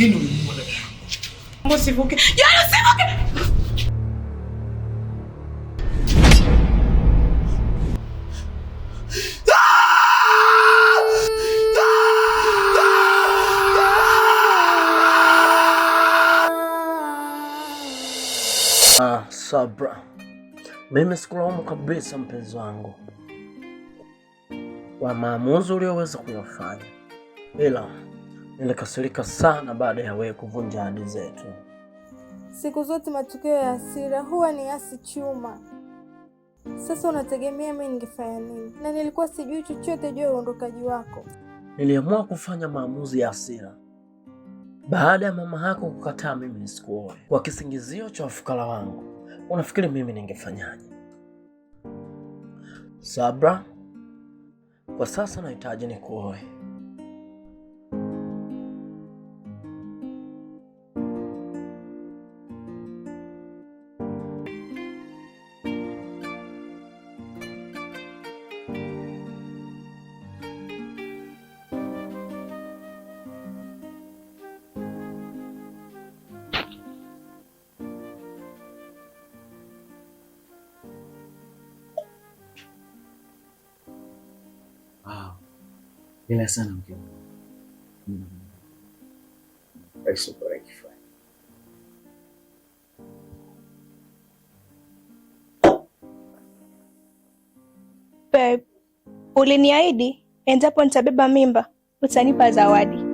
nini ulimua dada Yaani Ah, Sabra, mimi sikulaumu kabisa mpenzi wangu wa maamuzi ulioweza kuyafanya, ila nilikasirika sana baada ya wewe kuvunja ahadi zetu. Siku zote matukio ya hasira huwa ni asi chuma. Sasa unategemea mimi ningefanya nini? Na nilikuwa sijui chochote juu ya uondokaji wako. Niliamua kufanya maamuzi ya hasira baada ya mama yako kukataa mimi nisikuoe kwa kisingizio cha wafukara wangu. Unafikiri mimi ningefanyaje? Sabra, kwa sasa nahitaji nikuoe. Hela sana mke wangu. Mm. Babe, uliniahidi endapo nitabeba mimba utanipa zawadi.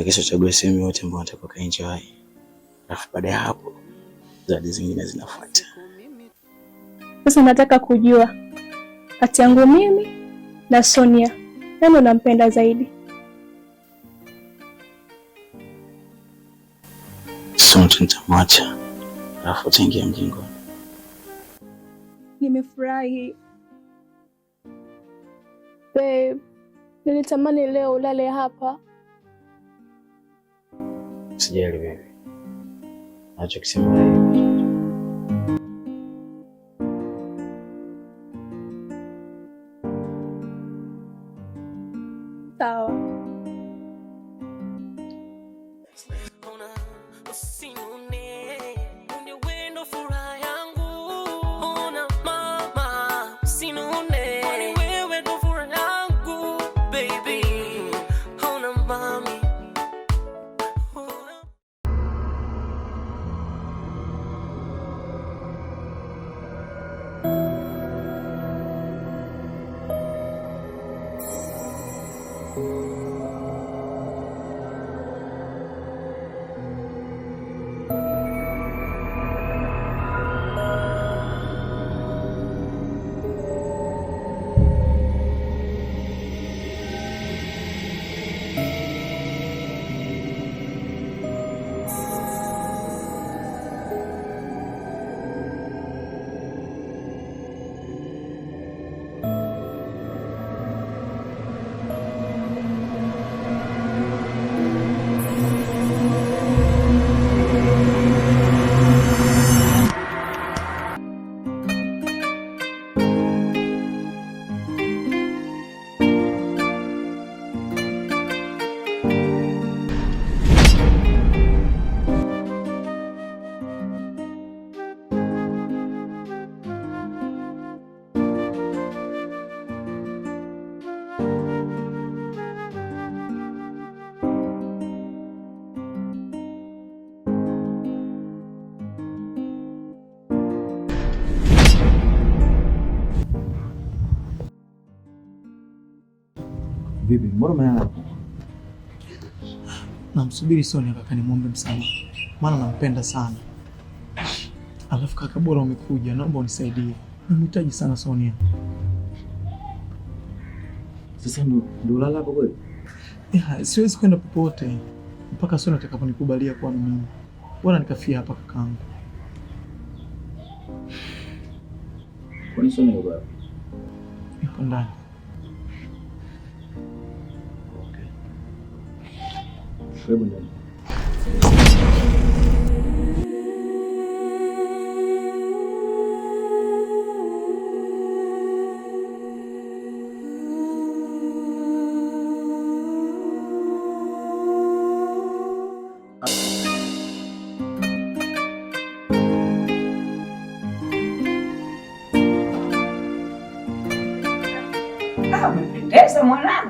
na kisha chagua sehemu yote ambayo unataka ukae enjoy. alafu baada ya hapo zawadi zingine zinafuata. Sasa nataka kujua kati yangu mimi na Sonia nani unampenda zaidi? Sonia nitamwacha, alafu utaingia mjingo Nimefurahi babe, nilitamani leo ulale hapa sijaelewi nachokisema Vipi, mbona umelala? Namsubiri Sonia kaka, nimwombe msamaha, maana nampenda sana. Alafu kaka, bora umekuja, naomba unisaidie, namhitaji sana Sonia. Sasa ndo lala hapo kweli? Yeah, siwezi kwenda popote mpaka Sonia atakaponikubalia kuwa na mimi. Bora nikafia hapa kakangu. Kwani Sonia yuko ndani? emprego nele. Ah, mas prendeu essa monada?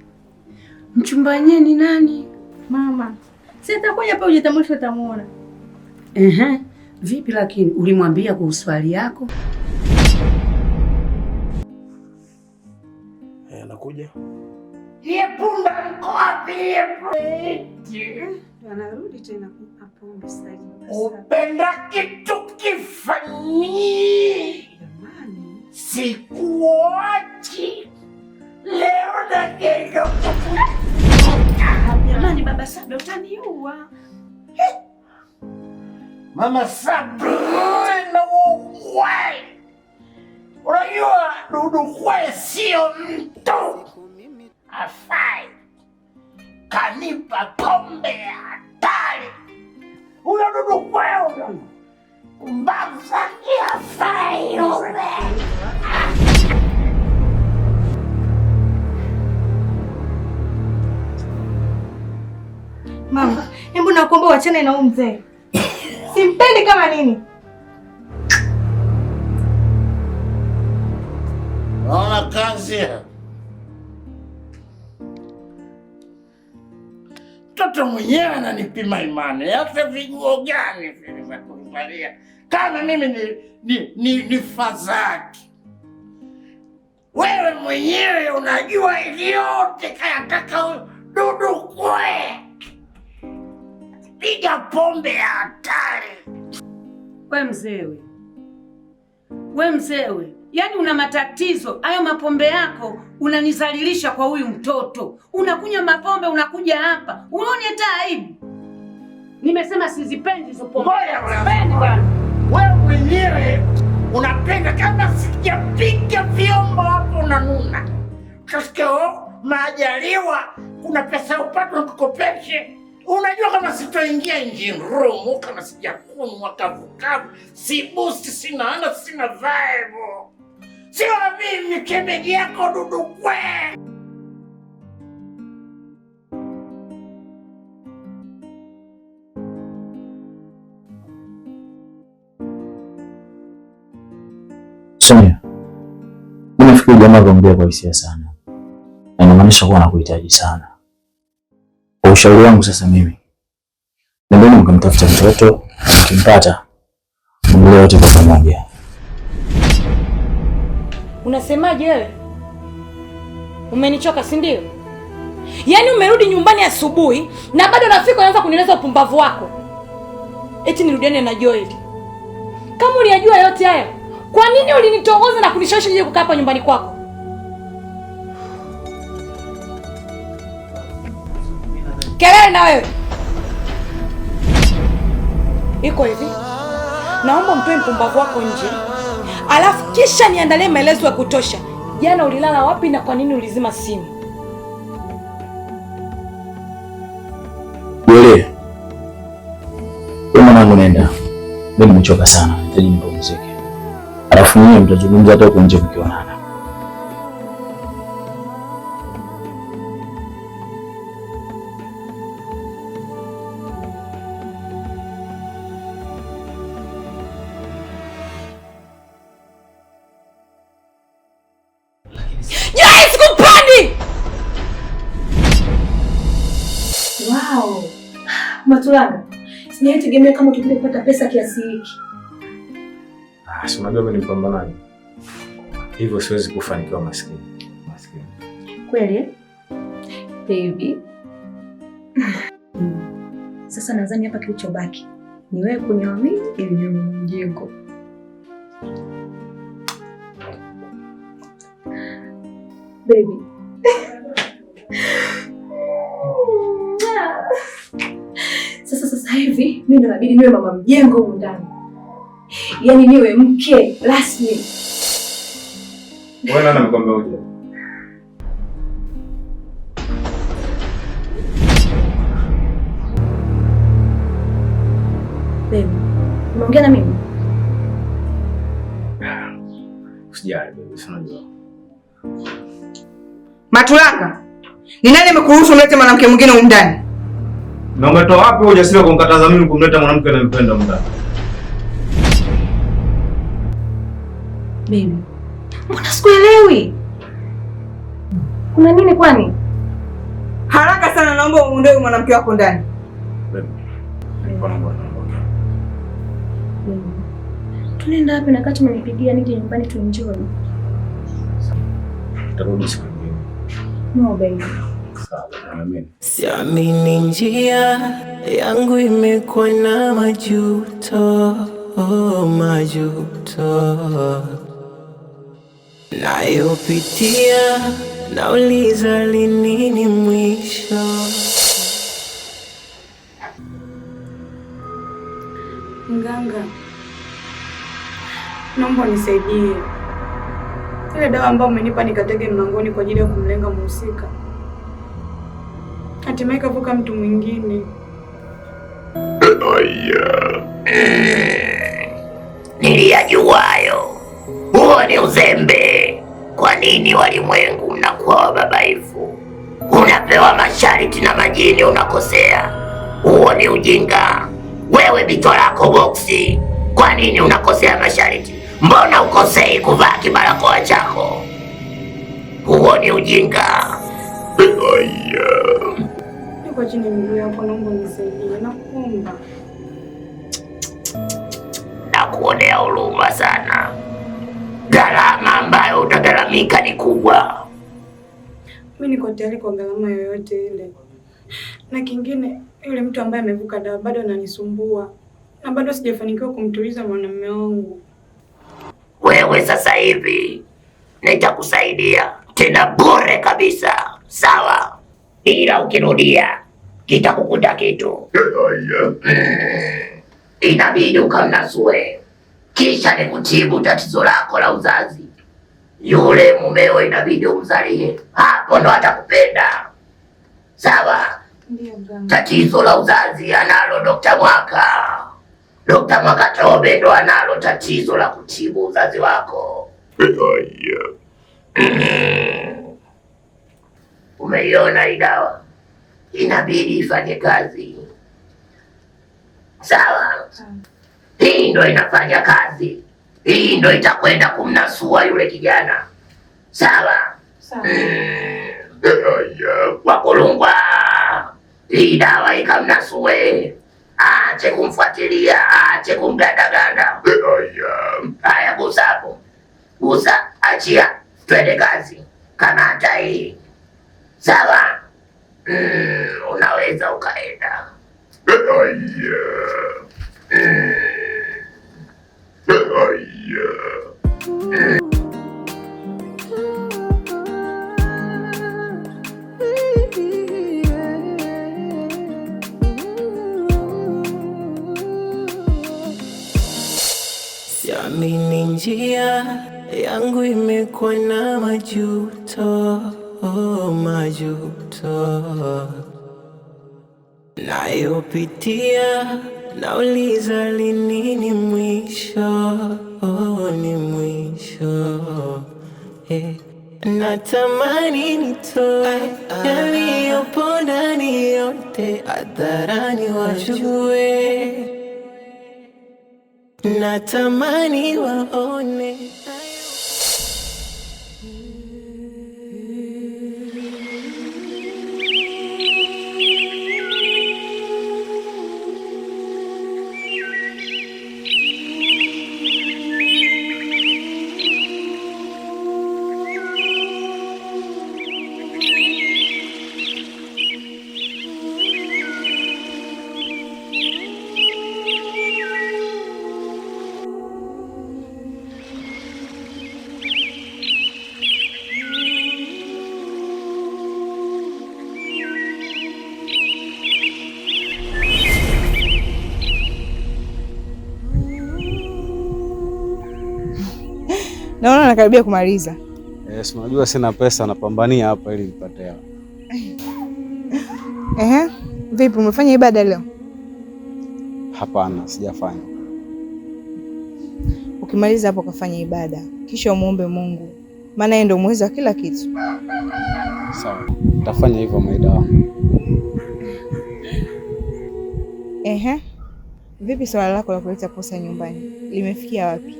Mchumba wenyewe ni nani? Mama si atakuja hapa, ujitambulishe utamuona. Ehe, vipi lakini ulimwambia kuhusu hali yako? Eh, anakuja. Ye punda mko wapi? Anarudi tena hapo msaji. Upenda kitu kifanyii. Jamani, sikuachi. Leo nakega jamani, Baba sabe utaniua. Mama Sabra nawowe, unajua Dudu kwe sio mtu afai, kanipa pombe hatari huyo Dudu kweu mbazakiafai ule Mama, hebu nakuomba uachane na huyu mzee, simpendi kama nini. Naona kazi mtoto mwenyewe ananipima imani hata viguo gani vya kama mimi ni, ni, ni, ni fazaki. wewe mwenyewe unajua yote kayataka dudukwe kupiga pombe ya hatari. We mzewe, we mzewe, yaani una matatizo hayo. Mapombe yako unanizalilisha kwa huyu mtoto, unakunywa mapombe, unakuja hapa unaone hata aibu. Nimesema sizipendi hizo pombe. Wewe mwenyewe unapenda kama sijapiga vyombo hapo unanuna. Kasikia majaliwa, kuna pesa upate ukikopeshe Unajua kama sitoingia engine room kama sijakunywa kavukavu, si boost, sina ana, sina vibe, sio mimi kebeji yako dudukwe. Samia, nafikiri jamaa kaongea kwa hisia sana, na inamaanisha kuwa nakuhitaji sana ushauri wangu sasa mimi nendeni mkamtafuta mtoto, mkimpata mle wote kwa pamoja. Unasemaje wewe? Umenichoka si ndio? Yaani umerudi nyumbani asubuhi na bado rafiki anaanza kunieleza upumbavu wako, eti nirudiane na Joel. Kama uliyajua yote haya, kwa nini ulinitongoza na kunishawishi kukaa hapa nyumbani kwako? Kelele na wewe iko hivi, naomba mtoe mpumbavu wako nje, alafu kisha niandalie maelezo ya kutosha. Jana ulilala wapi na kwa nini ulizima simu? Wele mwanangu, nenda, mi nimechoka sana, nahitaji nipumzike, alafu mwenyewe mtazungumza hata huko nje mkionana. sijaitegemea kama utakuja kupata pesa kiasi hiki. Ah, si unajua mimi ni mpambanaji, hivyo siwezi kufanikiwa maskini. Maskini kweli eh? baby. Sasa nadhani hapa kilichobaki ni wewe kunioa mimi ili niwe mjengo. Baby, sasa hivi mimi nabidi niwe mama mjengo huko ndani, yaani niwe mke rasmi. Wewe nani amekwambia uje? Baby, unaongea na mimi? Usijali baby, sinajua. Matulanga, ni nani amekuruhusu ulete mwanamke mwingine huko ndani? Na umetoa wapi ujasiri wa kumkataza mimi kumleta mwanamke anayempenda muda? Mimi. Mbona sikuelewi? Kuna nini kwani? Haraka sana naomba uondoe mwanamke wako ndani. Tunaenda wapi na kati mnipigia nije nyumbani tuenjoy? Tarudi siku nyingine. No baby. Siamini njia yangu imekuwa na majuto, oh, majuto nayopitia, nauliza lini ni mwisho. Mganga, naomba nisaidie ile dawa ambayo umenipa nikatege mlangoni kwa ajili ya kumlenga mhusika hatimaye kavuka mtu mwingine. Aya, eh. niliyajuayo huo ni uzembe. Kwa nini walimwengu mnakuwa wababaifu? Unapewa masharti na majini unakosea, huo ni ujinga. Wewe bito lako boksi, kwa nini unakosea masharti? Mbona ukosei kuvaa kibarakoa chako? Huo ni ujinga. Aya. Niko chini miguu yako, naomba unisaidie, nakuomba. Nakuonea huruma sana. Gharama ambayo utagharamika ni kubwa. Mi niko tayari kwa gharama yoyote ile, na kingine, yule mtu ambaye amevuka dawa bado ananisumbua na bado sijafanikiwa kumtuliza mwanamume wangu. Wewe sasa hivi nitakusaidia tena bure kabisa, sawa? Ila ukirudia kitakukuta kitu inabidi ukanasue, kisha nikutibu tatizo lako la uzazi. Yule mumeo inabidi umzalie, hapo ndo atakupenda. Sawa? Tatizo la uzazi analo Dokta Mwaka. Dokta Mwaka Tobe ndo analo tatizo la kutibu uzazi wako. Umeiona hii dawa? inabidi ifanye kazi sawa. Hii ndo inafanya kazi, hii ndo itakwenda kumnasua yule kijana sawa. Mm. Wakulungwa, hii dawa ikamnasue, aache kumfuatilia, aache kumgandaganda. Haya, gusa hapo, gusa, achia, twende kazi. Kamata hii sawa. Mm, unaweza ukaenda. Siamini njia yangu imekuwa na majuto oh, majuto nayopitia, nauliza lini ni mwisho, oh, ni mwisho eh. Natamani nitoe ah, ah. yaliyopo ndani yote hadharani wajue, natamani waone anakaribia kumaliza. Yes, eh, unajua sina pesa, napambania hapa ili nipate hela. Ehe, vipi umefanya ibada leo? Hapana, sijafanya. Ukimaliza hapo ukafanya ibada, kisha umuombe Mungu, maana yeye ndio muweza kila kitu. Sawa, tafanya hivyo maida wangu. Ehe, vipi swala lako la kuleta posa nyumbani limefikia wapi?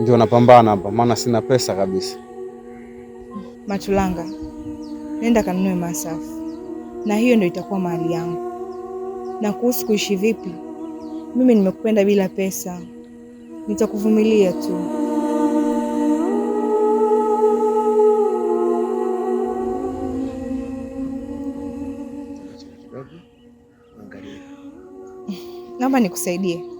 ndio napambana hapa, maana sina pesa kabisa. Matulanga, nenda kanunue masafu, na hiyo ndio itakuwa mali yangu. Na kuhusu kuishi vipi, mimi nimekupenda bila pesa, nitakuvumilia tu. Naomba nikusaidie.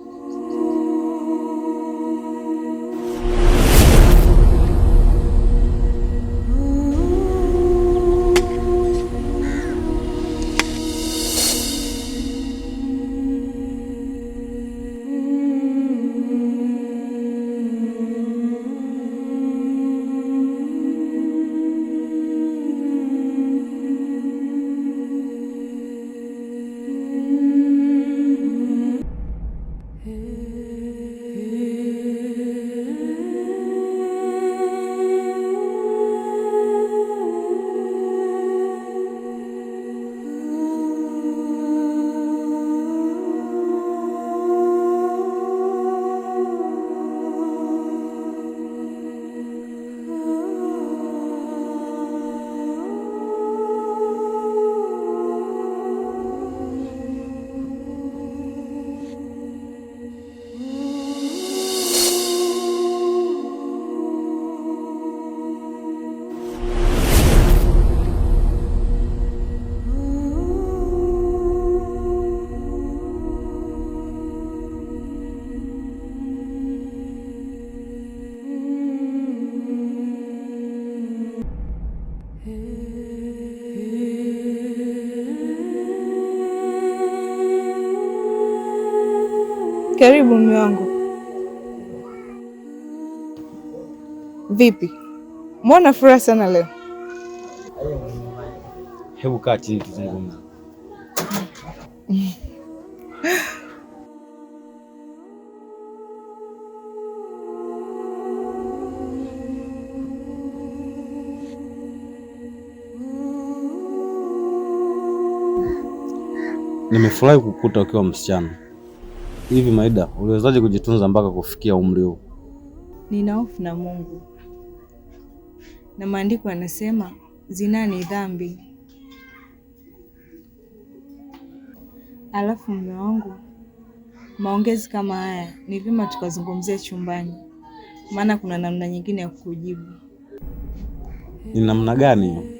Karibu mume wangu. Vipi, mbona furaha sana leo? Hebu kaa chini tuzungumze. Nimefurahi kukuta ukiwa msichana Hivi Maida, uliwezaje kujitunza mpaka kufikia umri huu? Nina hofu na Mungu, na maandiko yanasema zinaa ni dhambi. Alafu mume wangu, maongezi kama haya ni vyema tukazungumzia chumbani, maana kuna namna nyingine ya kukujibu. Ni namna gani?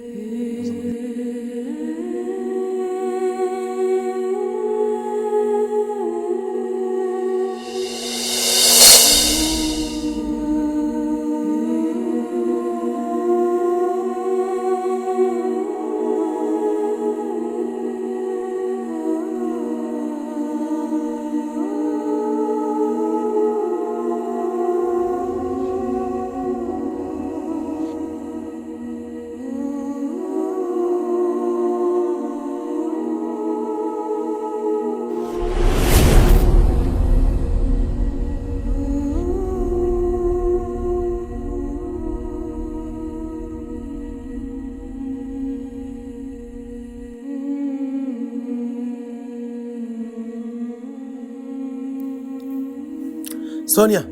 Sonia,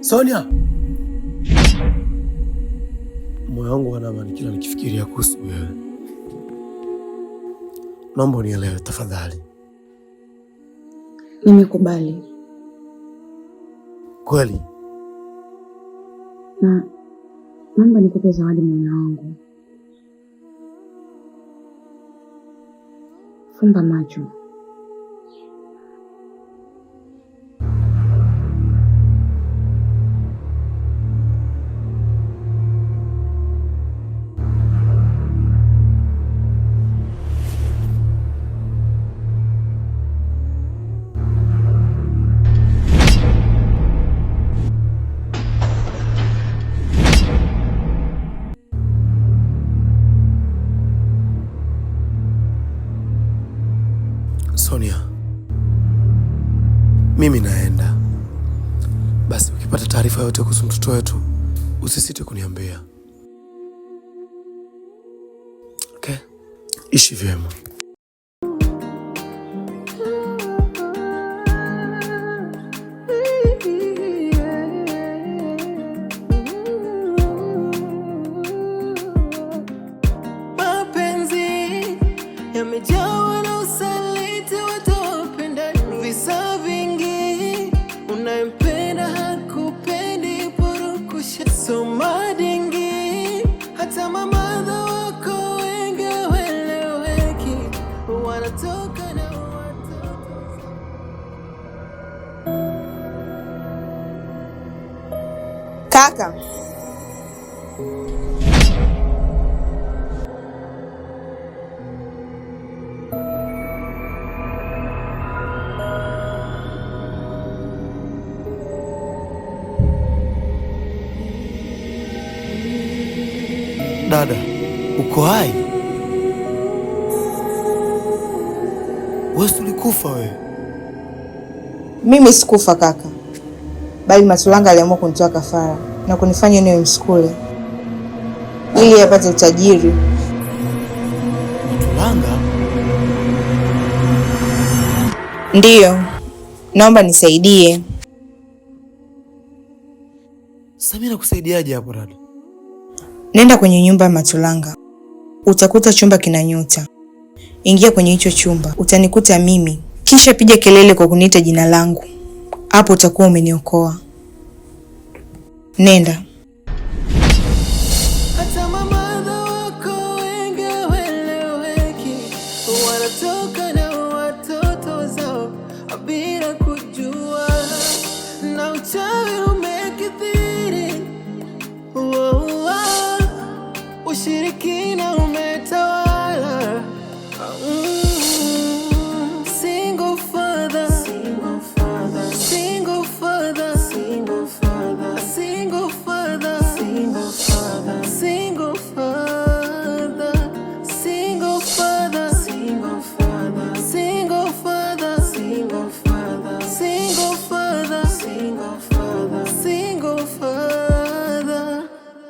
Sonia! Moyo wangu wana amani kila nikifikiria kuhusu wewe. Naomba unielewe tafadhali. Nimekubali kweli, na naomba nikupe zawadi, mume wangu. Fumba macho. taarifa yote kuhusu mtoto wetu, usisite kuniambia. Okay, ishi vyema. Mapenzi yamejaa Dada, uko hai? Wewe ulikufa wewe? Mimi sikufa kaka, bali Matulanga aliamua kunitoa kafara na kunifanya niwe msukule ili apate utajiri. Matulanga? Ndiyo, naomba nisaidie. Samira, kusaidiaje hapo dada? Nenda kwenye nyumba ya Matulanga, utakuta chumba kina nyota. Ingia kwenye hicho chumba, utanikuta mimi, kisha piga kelele kwa kuniita jina langu. Hapo utakuwa umeniokoa. Nenda hata mama city